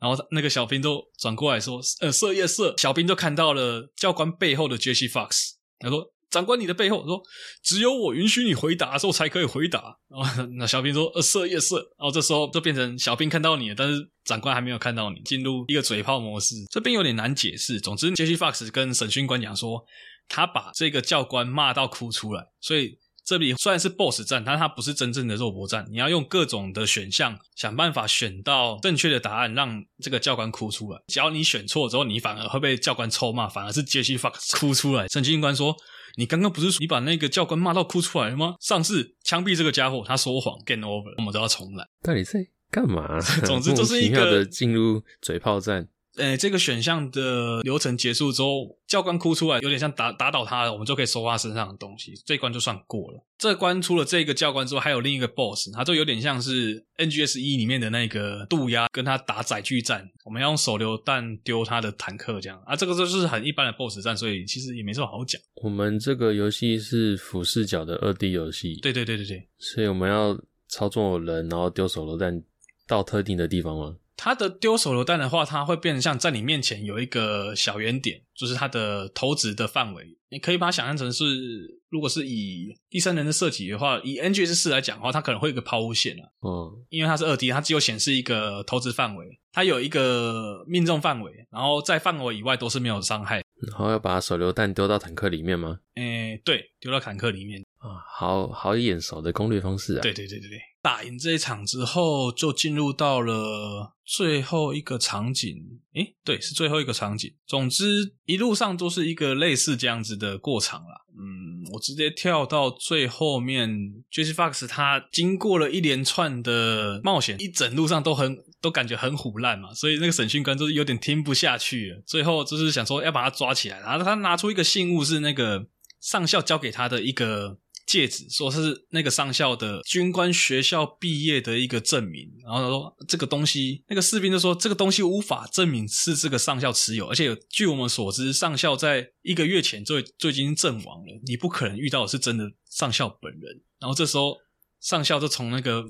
然後，那個小兵就轉過來說：“呃，色夜色。”小兵就看到了教官背後的 Jesse Fox。他說：“長官，你的背後。”說：“只有我允許你回答的時候才可以回答。然”然後，那小兵說：“呃，色夜色。”然後這時候就變成小兵看到你了，但是長官還沒有看到你，進入一個嘴炮模式。這邊有點難解釋。總之，Jesse Fox 跟審訊官講說。他把這個教官罵到哭出來，所以這裡雖然是 boss 戰，但他不是真正的肉搏戰。你要用各種的選項，想辦法選到正確的答案，讓這個教官哭出來。只要你選錯之後，你反而會被教官臭罵，反而是傑西佛克西哭出來。神機官說：“你剛剛不是說你把那個教官罵到哭出來了嗎？”上次槍斃這個傢伙，他說謊 game over，我們都要重來。到底在幹嘛？總之就是一個的進入嘴炮戰。哎，這個選項的流程結束之後，教官哭出來，有點像打打倒他了，我們就可以搜他身上的東西，這一關就算過了。這關除了這個教官之外，還有另一個 BOSS，他就有點像是 MGS 一裡面的那個渡鴉，跟他打載具戰，我們要用手榴彈丟他的坦克這樣啊，這個就是很一般的 BOSS 戰，所以其實也沒什麼好講。我們這個遊戲是俯視角的 2D 遊戲，對對對對對，所以我們要操作人，然後丟手榴彈到特定的地方嗎？他的丟手榴彈的話，他會變得像在你面前有一個小圓點，就是他的投擲的範圍。你可以把它想象成是，如果是以第三人的射擊的話，以 MGS 四來講的話，它可能會有一個拋物線啊。嗯、哦，因為它是二 D，它只有顯示一個投擲範圍，它有一個命中範圍，然後在範圍以外都是沒有傷害的。然後要把手榴彈丟到坦克裡面嗎？誒，對，丟到坦克裡面。啊，好好眼熟的攻略方式啊！對對對對對，打贏這一場之後，就進入到了最後一個場景。誒，對，是最後一個場景。總之一路上都是一個類似這樣子的過場啦。嗯，我直接跳到最後面，Jesse Fox 他經過了一連串的冒險，一整路上都很都感覺很唬爛嘛，所以那個審訊官就是有點聽不下去了，最後就是想說要把他抓起來。然後他拿出一個信物，是那個上校交給他的一個。戒指，說是那個上校的軍官學校畢業的一個證明，然後他說這個東西，那個士兵就說這個東西無法證明是這個上校持有，而且據我們所知，上校在一個月前最最近陣亡了，你不可能遇到的是真的上校本人。然後這時候上校就從那個。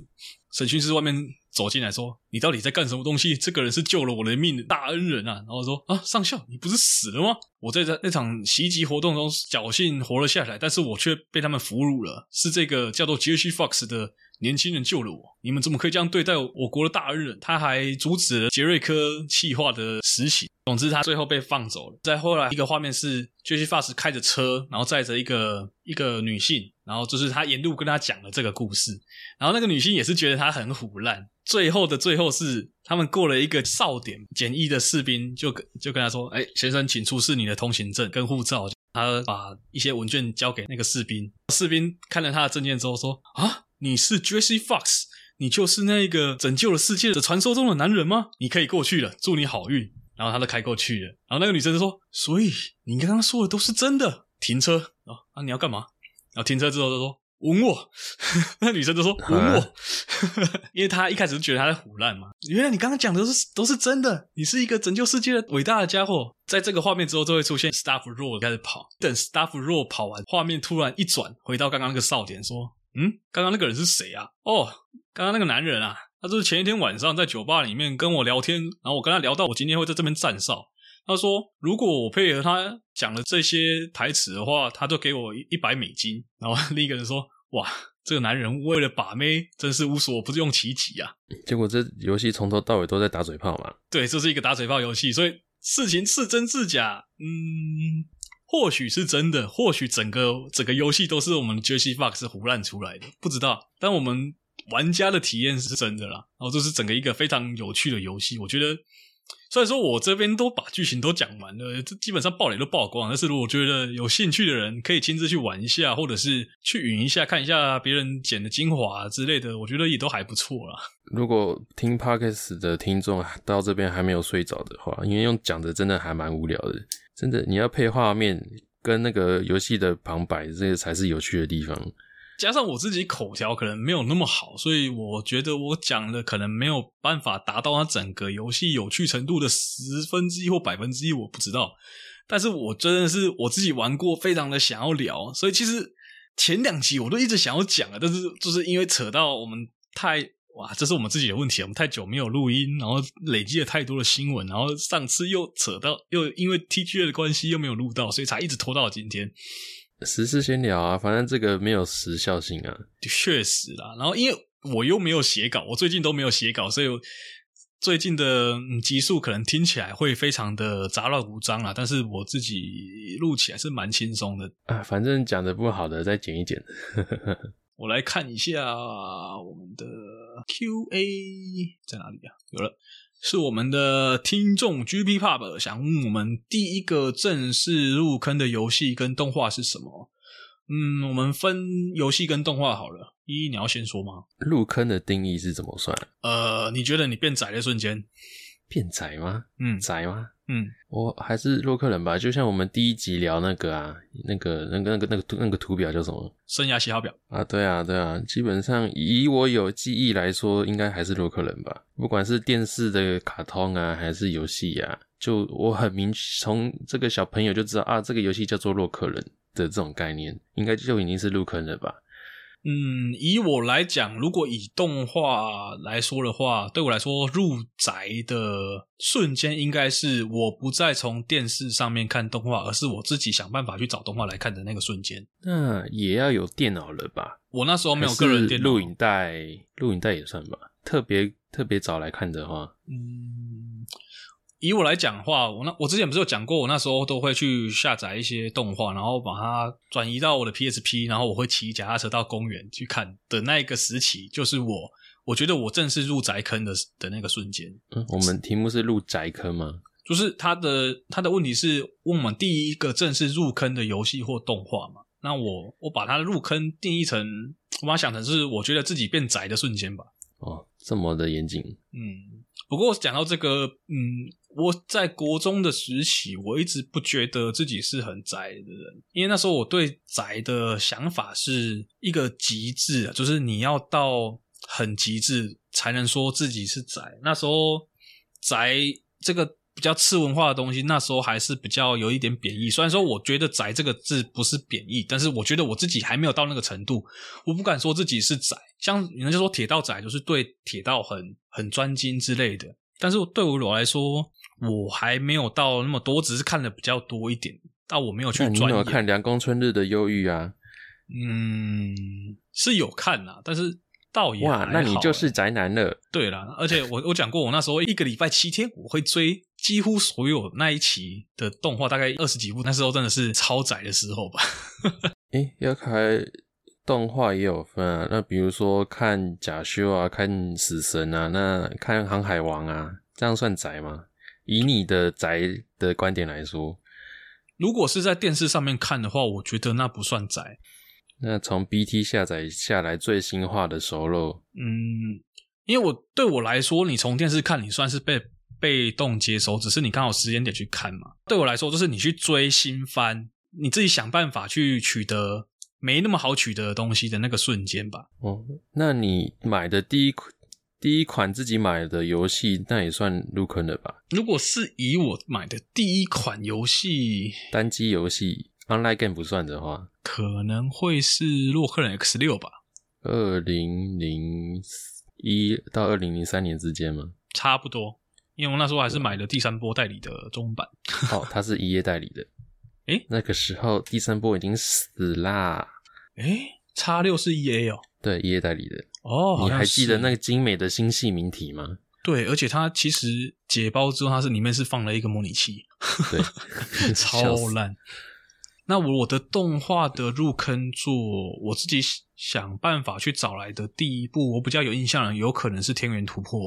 審訊室外面走進來說：“你到底在幹什麼東西？這個人是救了我的命的大恩人啊！”然後說：“啊，上校，你不是死了嗎？我在那那場襲擊活動中僥幸活了下來，但是我卻被他們俘虜了。是這個叫做 Jesse Fox 的。”年輕人救了我，你們怎麼可以這樣對待我，我國的大日本。他還阻止了杰瑞科企劃的實行。總之，他最後被放走了。再後來，一個畫面是杰西·法斯開着車，然後載着一個一個女性，然後就是他沿路跟他講了這個故事。然後那個女性也是覺得他很唬爛。最後的最後是他們過了一個哨點，簡易的士兵就跟就跟他說：“哎、欸，先生，請出示你的通行證跟護照。”他把一些文件交給那個士兵，士兵看了他的證件之後說：“啊。”你是 Jesse Fox，你就是那個拯救了世界的傳說中的男人嗎？你可以過去了，祝你好運。然後他就開過去了。然後那個女生就說：“所以你剛剛說的都是真的？”停車、哦、啊你要幹嘛？然後停車之後他說：“吻我。 [LAUGHS] ”那女生就說：“吻我。 [LAUGHS] ”因為他一開始就覺得他在唬爛嘛。原來你剛剛講的都是都是真的。你是一個拯救世界的偉大的家伙。在這個畫面之後，就會出現 Staff Roll 開始跑。等 Staff Roll 跑完，畫面突然一轉，回到剛剛那個少年說。嗯，剛剛那個人是誰啊？哦，剛剛那個男人啊，他就是前一天晚上在酒吧裡面跟我聊天，然後我跟他聊到我今天會在這邊站哨，他說如果我配合他講了這些台詞的話，他就給我一百美金。然後另一個人說，哇，這個男人為了把妹真是無所不用其極啊。結果這遊戲從頭到尾都在打嘴炮嘛。對，這是一個打嘴炮遊戲，所以事情是真是假，嗯。或許是真的，或許整個整個遊戲都是我們 Jesse Fox 胡亂出來的，不知道。但我們玩家的體驗是真的啦。然後這是整個一個非常有趣的遊戲。我覺得，雖然說我這邊都把劇情都講完了，這基本上爆雷都曝光，但是如果覺得有興趣的人可以親自去玩一下，或者是去雲一下，看一下別人剪的精華之類的，我覺得也都還不錯啦。如果聽 Podcast 的聽眾到這邊還沒有睡着的話，因為用講的真的還蠻無聊的。真的，你要配畫面跟那個遊戲的旁白，這些才是有趣的地方。加上我自己口條可能沒有那麼好，所以我覺得我講的可能沒有辦法達到它整個遊戲有趣程度的十分之一或百分之一，我不知道。但是我真的是我自己玩過，非常的想要聊。所以其實前兩集我都一直想要講了，但是就是因為扯到我們太。哇，這是我們自己的問題，我們太久沒有錄音，然後累積了太多的新聞，然後上次又扯到，又因為 TGA 的關係又沒有錄到，所以才一直拖到今天。時事先聊啊，反正這個沒有時效性啊，確實啦。然後因為我又沒有寫稿，我最近都沒有寫稿，所以最近的集數、嗯、可能聽起來會非常的雜亂無章啦。但是我自己錄起來是蠻輕鬆的啊，反正講的不好的再剪一剪。 [LAUGHS] 我來看一下我們的 Q&A 在哪裡啊？有了，是我們的聽眾 G.P.Pub 想問我們第一個正式入坑的遊戲跟動畫是什麼？嗯，我們分遊戲跟動畫好了。一，你要先說嗎？入坑的定義是怎麼算？呃，你覺得你變窄的瞬間？.變宅嗎？嗯，宅嗎？嗯，我還是洛克人吧。就像我們第一集聊那個啊，那個、那個、那個、那個、那個圖表叫什麼？生涯喜好表啊？對啊，對啊。基本上以我有記憶來說，應該還是洛克人吧。不管是電視的卡通啊，還是遊戲啊，就我很明從這個小朋友就知道啊，這個遊戲叫做洛克人的這種概念，應該就已經是洛克人了吧。嗯，以我來講，如果以動畫來說的話，對我來說入宅的瞬間應該是我不再從電視上面看動畫，而是我自己想辦法去找動畫來看的那個瞬間。那也要有電腦了吧？我那時候沒有個人電腦，錄影帶，錄影帶也算吧。特別特別早來看的話，嗯。以我來講的話，我那我之前不是有講過，我那時候都會去下載一些動畫，然後把它轉移到我的 PSP，然後我會騎腳踏車到公園去看的那一個時期，就是我我覺得我正式入宅坑的的那個瞬間。嗯，我們題目是入宅坑嗎？就是它的它的問題是問我們第一個正式入坑的遊戲或動畫嘛？那我我把它入坑定義成，我把它想成是我覺得自己變宅的瞬間吧。哦，這麼的嚴謹。嗯，不過講到這個，嗯。我在國中的時期，我一直不覺得自己是很宅的人，因為那時候我對宅的想法是一個極致啊，就是你要到很極致才能說自己是宅。那時候宅這個比較次文化的東西，那時候還是比較有一點貶義。雖然說我覺得宅這個字不是貶義，但是我覺得我自己還沒有到那個程度，我不敢說自己是宅。像人家說鐵道宅，就是對鐵道很很專精之類的，但是對我來說。我還沒有到那麼多，只是看的比較多一點，但我沒有去專、嗯、你有沒有看《涼宮春日的憂鬱》啊？嗯，是有看啦，但是倒也還好。哇，那你就是宅男了。對啦，而且我我講過，我那時候一個禮拜七天我會追幾乎所有那一期的動畫，大概二十幾部。那時候真的是超宅的時候吧。哎、 [LAUGHS] 欸，要看動畫也有分啊。那比如說看賈修啊，看死神啊，那看《航海王》啊，這樣算宅嗎？以你的宅的觀點來說，如果是在電視上面看的話，我覺得那不算宅。那從 BT 下載下來最新話的時候，嗯，因為我對我來說，你從電視看，你算是被被動接收，只是你剛好時間點去看嘛。對我來說，就是你去追新番，你自己想辦法去取得沒那麼好取得的東西的那個瞬間吧。哦，那你買的第一。第一款自己買的遊戲，那也算入坑了吧？如果是以我買的第一款遊戲，單機遊戲 Online Game 不算的話，可能會是洛克人 X 六吧？二零零一到二零零三年之間嗎？差不多，因為我那時候還是買了第三波代理的中文版。 [LAUGHS] 哦，它是 EA 代理的。誒、欸，那個時候第三波已經死啦。誒 X 六是 EA 哦。對，EA 代理的。哦，你還記得那個精美的星系謎題嗎？對，而且它其實解包之後，它是裡面是放了一個模擬器， [LAUGHS] 超爛。 [LAUGHS] 那我我的動畫的入坑作，我自己想辦法去找來的第一部，我比較有印象的，有可能是《天元突破》。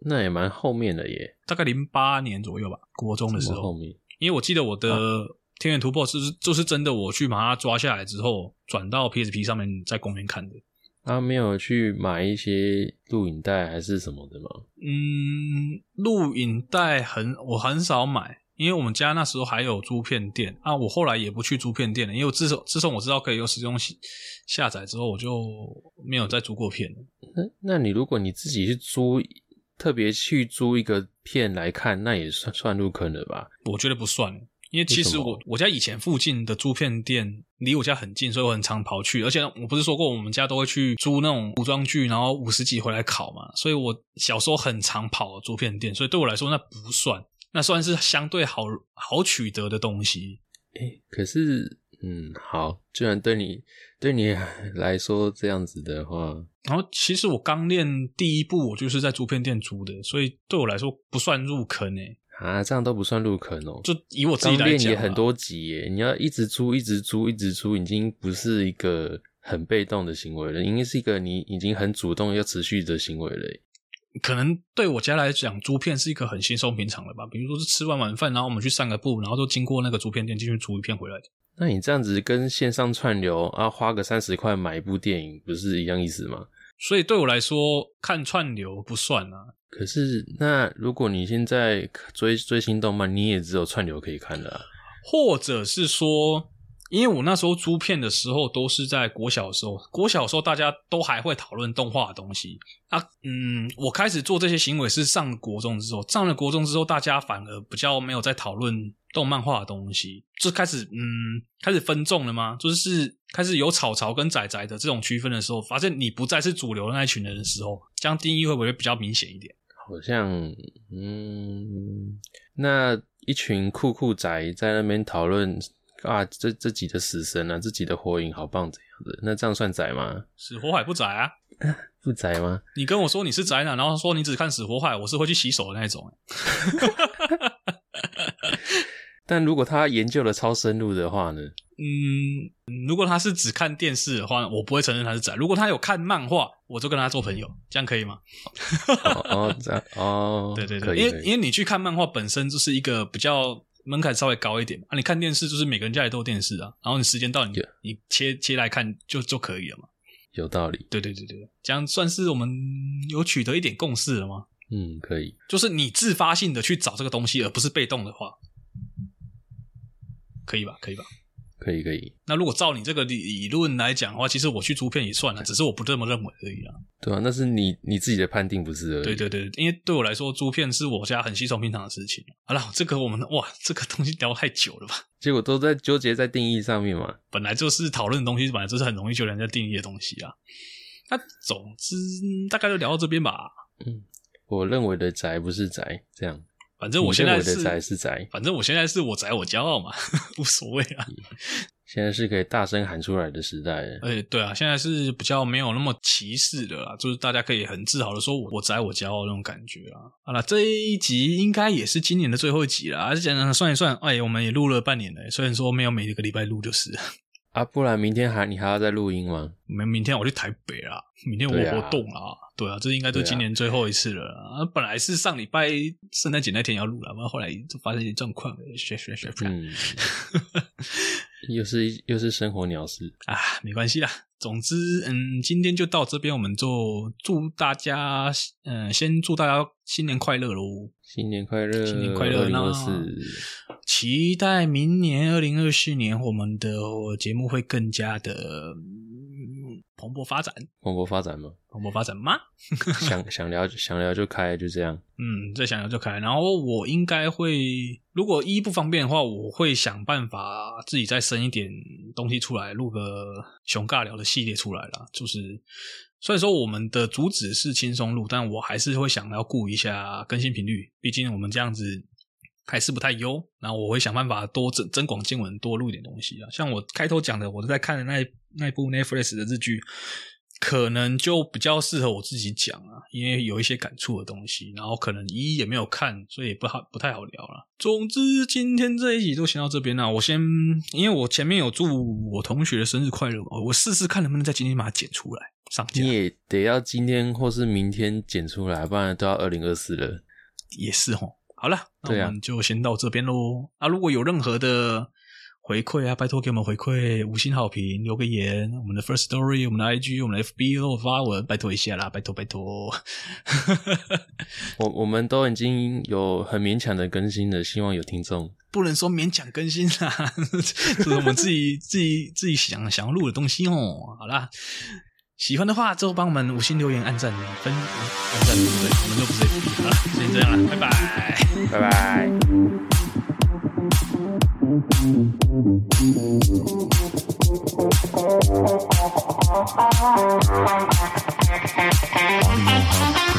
那也蠻後面的耶，大概零八年左右吧，國中的時候。後面，因為我記得我的《天元突破》是就是真的，我去把它抓下來之後，轉到 PSP 上面在公園看的。他、啊、沒有去買一些錄影帶還是什麼的嗎？嗯，錄影帶很，我很少買，因為我們家那時候還有租片店啊。我後來也不去租片店了，因為我自從自從我知道可以有使用下載之後，我就沒有再租過片了。那那你如果你自己去租，特別去租一個片來看，那也算算入坑了吧？我覺得不算。因為其實我我家以前附近的租片店離我家很近，所以我很常跑去。而且我不是說過，我們家都會去租那種古裝劇，然後五十幾回來考嘛。所以我小時候很常跑租片店，所以對我來說那不算，那算是相對好好取得的東西。誒、欸、可是嗯，好，居然對你對你來說這樣子的話，然後其實我剛練第一步，我就是在租片店租的，所以對我來說不算入坑誒、欸啊，這樣都不算入坑哦、喔。就以我自己來講，租片也很多集耶，啊，你要一直租，一直租，一直租，已經不是一個很被動的行為了，應該是一個你已經很主動又持續的行為了。可能對我家來講，租片是一個很稀鬆平常的吧，比如說是吃完晚飯，然後我們去散個步，然後就經過那個租片店進去租一片回來的。那你這樣子跟線上串流啊，花個三十塊買一部電影，不是一樣意思嗎？所以對我來說，看串流不算啊。可是，那如果你現在追追新動漫，你也只有串流可以看的啊，或者是說。因為我那時候租片的時候都是在國小的時候，國小的時候大家都還會討論動畫的東西。啊，嗯，我開始做這些行為是上了國中之後，上了國中之後，大家反而比較沒有在討論動漫畫的東西，就開始嗯，開始分眾了嗎？就是開始有草草跟仔仔的這種區分的時候，發現你不再是主流的那群人的時候，這樣定義會不會比較明顯一點？好像，嗯，那一群酷酷仔在那邊討論。啊，這這幾的死神啊，這幾的火影好棒，怎樣子，那這樣算宅嗎？死火海不宅啊， [LAUGHS] 不宅嗎？你跟我說你是宅男，然後說你只看死火海，我是會去洗手的那一種。 [LAUGHS] [LAUGHS] 但如果他研究了超深入的話呢？嗯，如果他是只看電視的話呢，我不會承認他是宅。如果他有看漫畫，我就跟他做朋友，嗯、這樣可以嗎？ [LAUGHS] 哦,哦，這樣哦，對對對,對，因為因為你去看漫畫本身就是一個比較。門檻稍微高一點，啊你看電視就是每個人家裡都有電視啊，然後你時間到你、Yeah. 你切切來看就就可以了嘛，有道理，對對對對，這樣算是我們有取得一點共識了嗎？嗯，可以，就是你自發性的去找這個東西，而不是被動的話，可以吧？可以吧？可以，可以。那如果照你這個理理論來講的話，其實我去租片也算了，只是我不這麼認為而已啊。對啊，那是你你自己的判定不是而已。對對對，因為對我來說，租片是我家很稀鬆平常的事情。好、啊、了，這個我們哇，這個東西聊太久了吧？結果都在糾結在定義上面嘛。本來就是討論的東西，本來就是很容易就讓人在定義的東西啊。那總之，大概就聊到這邊吧。嗯，我認為的宅不是宅這樣。反正我現在是，宅是宅，反正我現在是我宅我驕傲嘛，無所謂啊。現在是可以大聲喊出來的時代，哎，對啊，現在是比較沒有那麼歧視的啦，就是大家可以很自豪的說，我宅我驕傲那種感覺啊。好了，這一集應該也是今年的最後一集了，而且呢，算一算，哎，我們也錄了半年了，雖然說沒有每一個禮拜錄就是。啊，不然明天還你還要再錄音嗎？明，明天我去台北啦，明天我活動啦。對啊，對啊對啊，這應該都今年最後一次了啦啊。啊，本來是上禮拜聖誕節那天要錄了，不過後來就發生一些狀況，學學學學。嗯 [LAUGHS] 又是又是生活鳥事啊，沒關係啦。總之，嗯，今天就到這邊，我們就祝大家，嗯，先祝大家新年快樂嘍！新年快樂，新年快樂啦！然後期待明年二零二四年，我們的節目會更加的。蓬勃發展，蓬勃發展嗎？蓬勃發展嗎？ [LAUGHS] 想想聊，想聊就開，就這樣。嗯，再想聊就開。然後我應該會，如果一不方便的話，我會想辦法自己再生一點東西出來，錄個熊尬聊的系列出來啦。就是，雖然說我們的主旨是輕鬆錄，但我還是會想要顧一下更新頻率，畢竟我們這樣子。還是不太優，然後我會想辦法多增增廣見聞，經文多錄點東西啊。像我開頭講的，我都在看的那那部 Netflix 的日劇，可能就比較適合我自己講啊，因為有一些感觸的東西。然後可能一一也沒有看，所以也不好不太好聊了。總之，今天這一集就先到這邊了。我先，因為我前面有祝我同學的生日快樂嘛，我試試看能不能在今天把它剪出來上架。你也得要今天或是明天剪出來，不然都要二零二四了。也是哦。好了，那我們就先到這邊嘍、啊。啊，如果有任何的回饋啊，拜託給我們回饋五星好評，留個言。我們的 Firstory，我們的 IG，我們的 FB，都發文，拜託一下啦，拜託拜託。 [LAUGHS] 我我們都已經有很勉強的更新了，希望有聽眾。不能說勉強更新啦，這 [LAUGHS] 是我們自己 [LAUGHS] 自己自己，自己想想要錄的東西哦、喔。好啦。喜歡的話，最後幫我們五星留言、按讚、分享、按讚，對不對，我們都不是 A P 好了，就先這樣了，拜拜，拜拜。拜拜